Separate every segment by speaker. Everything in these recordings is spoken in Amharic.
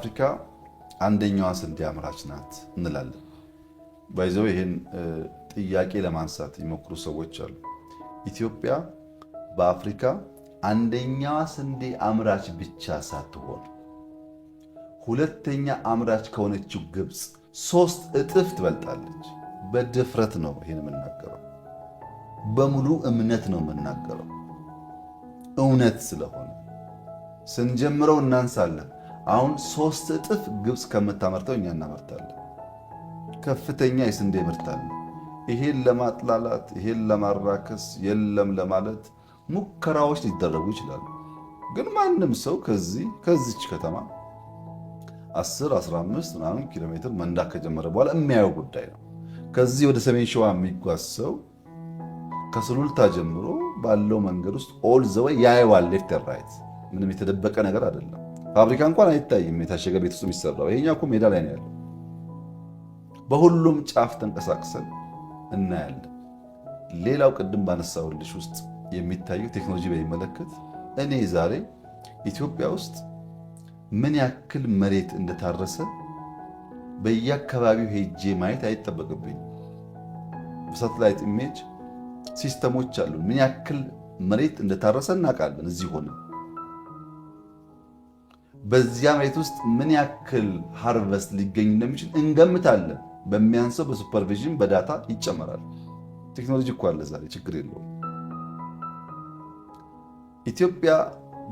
Speaker 1: አፍሪካ አንደኛዋ ስንዴ አምራች ናት እንላለን። ባይዘው ይህን ጥያቄ ለማንሳት የሞክሩ ሰዎች አሉ። ኢትዮጵያ በአፍሪካ አንደኛዋ ስንዴ አምራች ብቻ ሳትሆን ሁለተኛ አምራች ከሆነችው ግብፅ ሶስት እጥፍ ትበልጣለች። በድፍረት ነው ይህን የምናገረው፣ በሙሉ እምነት ነው የምናገረው፣ እውነት ስለሆነ ስንጀምረው እናንሳለን። አሁን ሶስት እጥፍ ግብፅ ከምታመርተው እኛ እናመርታለን። ከፍተኛ የስንዴ ምርት አለ። ይሄን ለማጥላላት ይሄን ለማራከስ የለም ለማለት ሙከራዎች ሊደረጉ ይችላሉ። ግን ማንም ሰው ከዚህ ከዚች ከተማ 10 15 ምናምን ኪሎ ሜትር መንዳት ከጀመረ በኋላ የሚያየው ጉዳይ ነው። ከዚህ ወደ ሰሜን ሸዋ የሚጓዝ ሰው ከስሉልታ ጀምሮ ባለው መንገድ ውስጥ ኦል ዘወይ ያየዋል። ሌፍት ራይት ምንም የተደበቀ ነገር አይደለም። ፋብሪካ እንኳን አይታይም የታሸገ ቤት ውስጥ የሚሰራው ይሄኛው እኮ ሜዳ ላይ ነው ያለው። በሁሉም ጫፍ ተንቀሳቅሰን እናያለን። ሌላው ቅድም ባነሳሁልሽ ውስጥ የሚታዩ ቴክኖሎጂ በሚመለከት እኔ ዛሬ ኢትዮጵያ ውስጥ ምን ያክል መሬት እንደታረሰ በየአካባቢው ሄጄ ማየት አይጠበቅብኝ። በሳተላይት ኢሜጅ ሲስተሞች አሉ። ምን ያክል መሬት እንደታረሰ እናውቃለን እዚህ ሆነ በዚያ መሬት ውስጥ ምን ያክል ሃርቨስት ሊገኝ እንደሚችል እንገምታለን። በሚያንሰው በሱፐርቪዥን በዳታ ይጨመራል። ቴክኖሎጂ እኮ አለ ዛሬ፣ ችግር የለውም። ኢትዮጵያ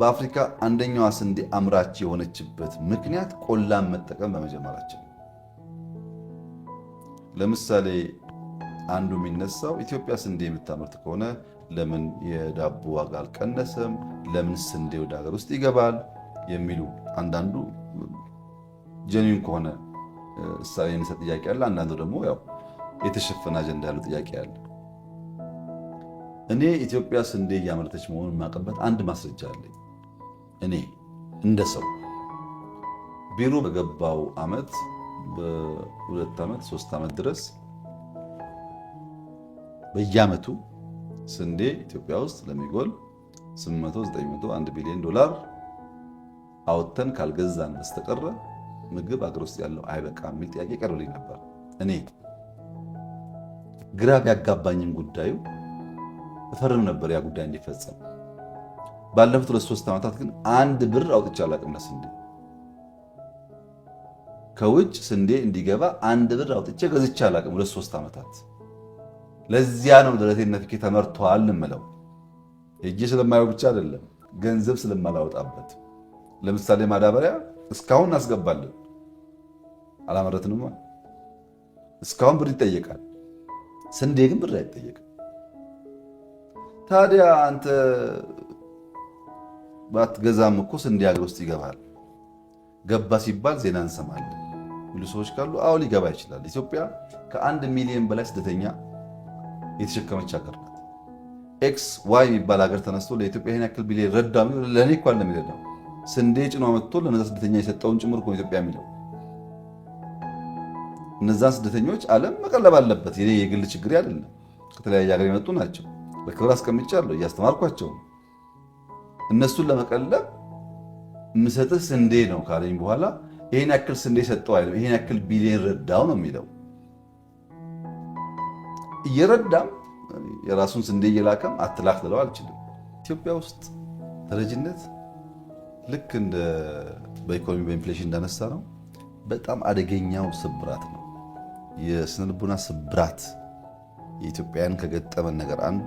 Speaker 1: በአፍሪካ አንደኛዋ ስንዴ አምራች የሆነችበት ምክንያት ቆላን መጠቀም በመጀመራችን ለምሳሌ አንዱ የሚነሳው ኢትዮጵያ ስንዴ የምታመርት ከሆነ ለምን የዳቦ ዋጋ አልቀነሰም? ለምን ስንዴ ወደ ሀገር ውስጥ ይገባል? የሚሉ አንዳንዱ ጀኒን ከሆነ እሳቤ የሚሰጥ ጥያቄ አለ። አንዳንዱ ደግሞ ያው የተሸፈነ አጀንዳ ያለው ጥያቄ አለ። እኔ ኢትዮጵያ ስንዴ እያመረተች መሆኑን የማውቅበት አንድ ማስረጃ አለኝ። እኔ እንደ ሰው ቢሮ በገባው ዓመት በሁለት ዓመት ሶስት ዓመት ድረስ በየአመቱ ስንዴ ኢትዮጵያ ውስጥ ለሚጎል 8 900 1 ቢሊዮን ዶላር አውጥተን ካልገዛን በስተቀረ ምግብ አገር ውስጥ ያለው አይበቃ የሚል ጥያቄ ቀርብልኝ ነበር። እኔ ግራ ቢያጋባኝም ጉዳዩ እፈርም ነበር ያ ጉዳይ እንዲፈጸም። ባለፉት ሁለት ሶስት ዓመታት ግን አንድ ብር አውጥቼ አላቅም ለስንዴ ከውጭ ስንዴ እንዲገባ አንድ ብር አውጥቼ ገዝቼ አላቅም ሁለት ሶስት ዓመታት። ለዚያ ነው ደረቴ ነፍኬ ተመርቷል እምለው እጄ ስለማየው ብቻ አይደለም ገንዘብ ስለማላወጣበት ለምሳሌ ማዳበሪያ እስካሁን እናስገባለን፣ አላመረትንማ። እስካሁን ብር ይጠየቃል። ስንዴ ግን ብር አይጠየቅም። ታዲያ አንተ ባትገዛም እኮ ስንዴ ሀገር ውስጥ ይገባል። ገባ ሲባል ዜና እንሰማለን የሚሉ ሰዎች ካሉ አዎ ሊገባ ይችላል። ኢትዮጵያ ከአንድ ሚሊዮን በላይ ስደተኛ የተሸከመች ሀገር ናት። ኤክስ ዋይ የሚባል ሀገር ተነስቶ ለኢትዮጵያ ይህን ያክል ቢሊዮን ረዳ ለእኔ እኳ እንደሚረዳው ስንዴ ጭኖ መጥቶ ለነዛ ስደተኛ የሰጠውን ጭምር እኮ ኢትዮጵያ የሚለው እነዛን ስደተኞች ዓለም መቀለብ አለበት። የኔ የግል ችግር አይደለም። ከተለያየ ሀገር የመጡ ናቸው። በክብር አስቀምጫለሁ፣ እያስተማርኳቸው ነው። እነሱን ለመቀለብ የምሰጥህ ስንዴ ነው ካለኝ በኋላ ይህን ያክል ስንዴ ሰጠው አይልም። ይህን ያክል ቢሊዮን ረዳው ነው የሚለው። እየረዳም የራሱን ስንዴ እየላከም አትላክ ልለው አልችልም። ኢትዮጵያ ውስጥ ተረጅነት ልክ እንደ በኢኮኖሚ በኢንፍሌሽን እንዳነሳ ነው፣ በጣም አደገኛው ስብራት ነው የስነልቡና ስብራት። የኢትዮጵያን ከገጠመን ነገር አንዱ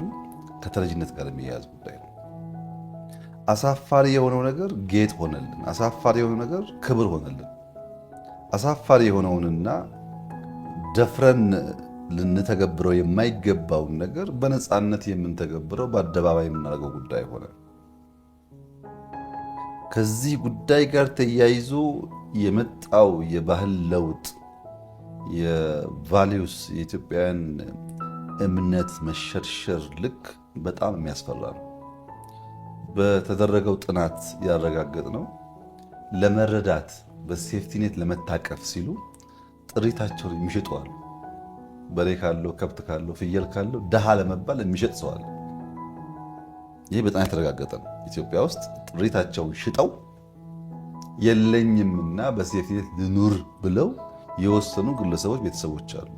Speaker 1: ከተረጅነት ጋር የሚያያዝ ጉዳይ ነው። አሳፋሪ የሆነው ነገር ጌጥ ሆነልን። አሳፋሪ የሆነው ነገር ክብር ሆነልን። አሳፋሪ የሆነውንና ደፍረን ልንተገብረው የማይገባውን ነገር በነፃነት የምንተገብረው በአደባባይ የምናደርገው ጉዳይ ሆነ። ከዚህ ጉዳይ ጋር ተያይዞ የመጣው የባህል ለውጥ የቫሊዩስ የኢትዮጵያውያን እምነት መሸርሸር ልክ በጣም የሚያስፈራ ነው። በተደረገው ጥናት ያረጋገጥ ነው። ለመረዳት በሴፍቲኔት ለመታቀፍ ሲሉ ጥሪታቸውን የሚሸጠዋል። በሬ ካለው ከብት ካለው ፍየል ካለው ድሃ ለመባል የሚሸጥ ሰዋል። ይህ በጣም የተረጋገጠ ነው። ኢትዮጵያ ውስጥ ጥሪታቸውን ሽጠው የለኝምና በሴፍቲኔት ልኑር ብለው የወሰኑ ግለሰቦች፣ ቤተሰቦች አሉ።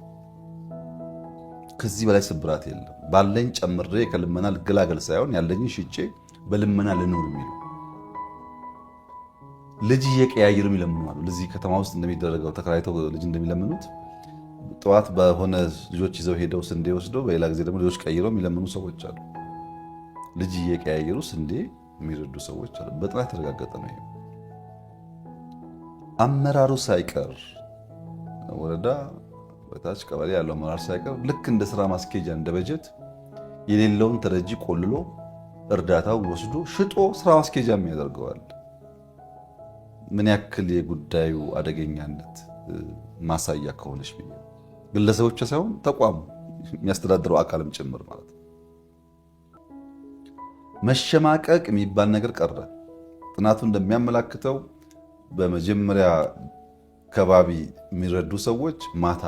Speaker 1: ከዚህ በላይ ስብራት የለም። ባለኝ ጨምሬ ከልመና ልገላገል ሳይሆን ያለኝን ሽጬ በልመና ልኑር የሚሉ ልጅ እየቀያየሩ ይለምናሉ። ለዚህ ከተማ ውስጥ እንደሚደረገው ተከራይተው ልጅ እንደሚለምኑት ጠዋት በሆነ ልጆች ይዘው ሄደው ስንዴ ወስደው በሌላ ጊዜ ደግሞ ልጆች ቀይረው የሚለምኑ ሰዎች አሉ። ልጅ እየቀያየሩ ስንዴ የሚረዱ ሰዎች አሉ። በጥናት የተረጋገጠ ነው። አመራሩ ሳይቀር ወረዳ በታች ቀበሌ ያለው አመራር ሳይቀር ልክ እንደ ስራ ማስኬጃ እንደ በጀት የሌለውን ተረጂ ቆልሎ እርዳታው ወስዶ ሽጦ ስራ ማስኬጃ የሚያደርገዋል። ምን ያክል የጉዳዩ አደገኛነት ማሳያ ከሆነች ግለሰቦች ሳይሆን ተቋም የሚያስተዳድረው አካልም ጭምር ማለት ነው። መሸማቀቅ የሚባል ነገር ቀረ። ጥናቱ እንደሚያመላክተው በመጀመሪያ ከባቢ የሚረዱ ሰዎች ማታ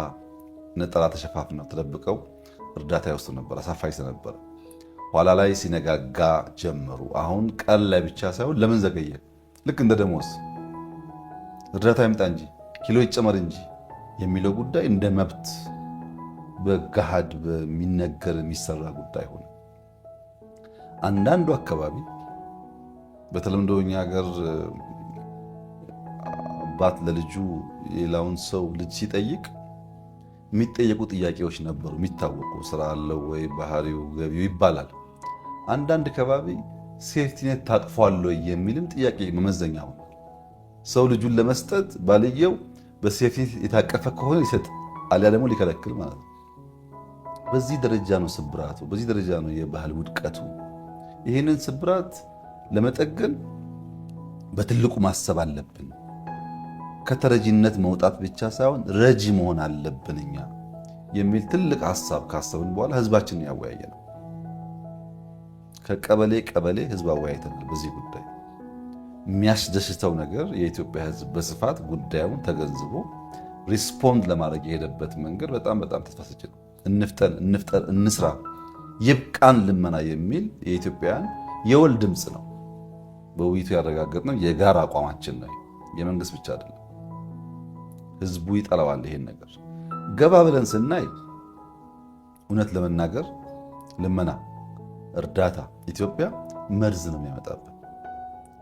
Speaker 1: ነጠላ ተሸፋፍነው ተደብቀው እርዳታ ይወስዱ ነበር። አሳፋይ ነበር። ኋላ ላይ ሲነጋጋ ጀመሩ። አሁን ቀን ላይ ብቻ ሳይሆን ለምን ዘገየ? ልክ እንደ ደሞዝ እርዳታ ይምጣ እንጂ ኪሎ ይጨመር እንጂ የሚለው ጉዳይ እንደ መብት በገሃድ በሚነገር የሚሰራ ጉዳይ ሆነ። አንዳንዱ አካባቢ በተለምዶ እኛ ሀገር አባት ለልጁ ሌላውን ሰው ልጅ ሲጠይቅ የሚጠየቁ ጥያቄዎች ነበሩ፣ የሚታወቁ ስራ አለው ወይ፣ ባህሪው፣ ገቢው ይባላል። አንዳንድ ከባቢ ሴፍቲኔት ታጥፏል ወይ የሚልም ጥያቄ መመዘኛ ሰው ልጁን ለመስጠት ባልየው በሴፍቲኔት የታቀፈ ከሆነ ሊሰጥ አሊያ ደግሞ ሊከለክል ማለት ነው። በዚህ ደረጃ ነው ስብራቱ፣ በዚህ ደረጃ ነው የባህል ውድቀቱ። ይህንን ስብራት ለመጠገን በትልቁ ማሰብ አለብን። ከተረጂነት መውጣት ብቻ ሳይሆን ረጂ መሆን አለብን እኛ የሚል ትልቅ ሀሳብ ካሰብን በኋላ ህዝባችንን ያወያየ ነው። ከቀበሌ ቀበሌ ህዝብ አወያይተናል። በዚህ ጉዳይ የሚያስደስተው ነገር የኢትዮጵያ ህዝብ በስፋት ጉዳዩን ተገንዝቦ ሪስፖንድ ለማድረግ የሄደበት መንገድ በጣም በጣም ተስፋ ሰጪ ነው። እንፍጠን፣ እንፍጠር፣ እንስራ። ይብቃን ልመና የሚል የኢትዮጵያውያን የወል ድምፅ ነው። በውይይቱ ያረጋገጥነው የጋራ አቋማችን ነው። የመንግስት ብቻ አይደለም። ህዝቡ ይጠላዋል ይሄን ነገር። ገባ ብለን ስናይ እውነት ለመናገር ልመና፣ እርዳታ ኢትዮጵያ መርዝ ነው የሚያመጣብን።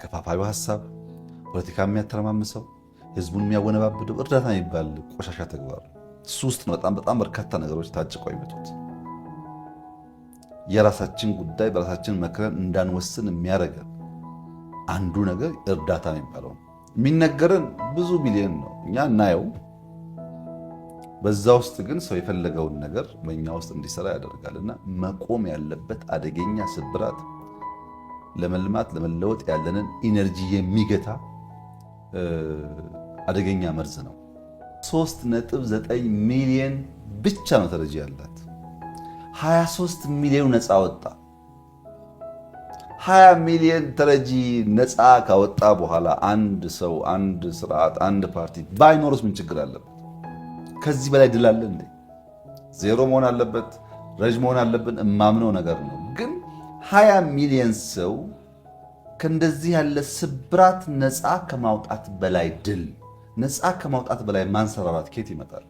Speaker 1: ከፋፋዩ ሀሳብ፣ ፖለቲካ የሚያተረማምሰው፣ ህዝቡን የሚያወነባብደው እርዳታ የሚባል ቆሻሻ ተግባር እሱ ውስጥ ነው በጣም በጣም በርካታ ነገሮች ታጭቀው የመጡት። የራሳችን ጉዳይ በራሳችን መክረን እንዳንወስን የሚያደርገን አንዱ ነገር እርዳታ ነው የሚባለው። የሚነገረን ብዙ ቢሊዮን ነው እኛ እናየው። በዛ ውስጥ ግን ሰው የፈለገውን ነገር በእኛ ውስጥ እንዲሰራ ያደርጋል እና መቆም ያለበት አደገኛ ስብራት ለመልማት ለመለወጥ ያለንን ኢነርጂ የሚገታ አደገኛ መርዝ ነው። 3.9 ሚሊዮን ብቻ ነው ተረጂ ያላት 23 ሚሊዮን ነፃ ወጣ። 20 ሚሊዮን ተረጂ ነፃ ካወጣ በኋላ አንድ ሰው አንድ ስርዓት አንድ ፓርቲ ባይኖርስ ምን ችግር አለበት? ከዚህ በላይ ድል አለ እንዴ? ዜሮ መሆን አለበት፣ ረጅ መሆን አለብን። እማምነው ነገር ነው። ግን 20 ሚሊዮን ሰው ከእንደዚህ ያለ ስብራት ነፃ ከማውጣት በላይ ድል ነፃ ከማውጣት በላይ ማንሰራራት ኬት ይመጣል?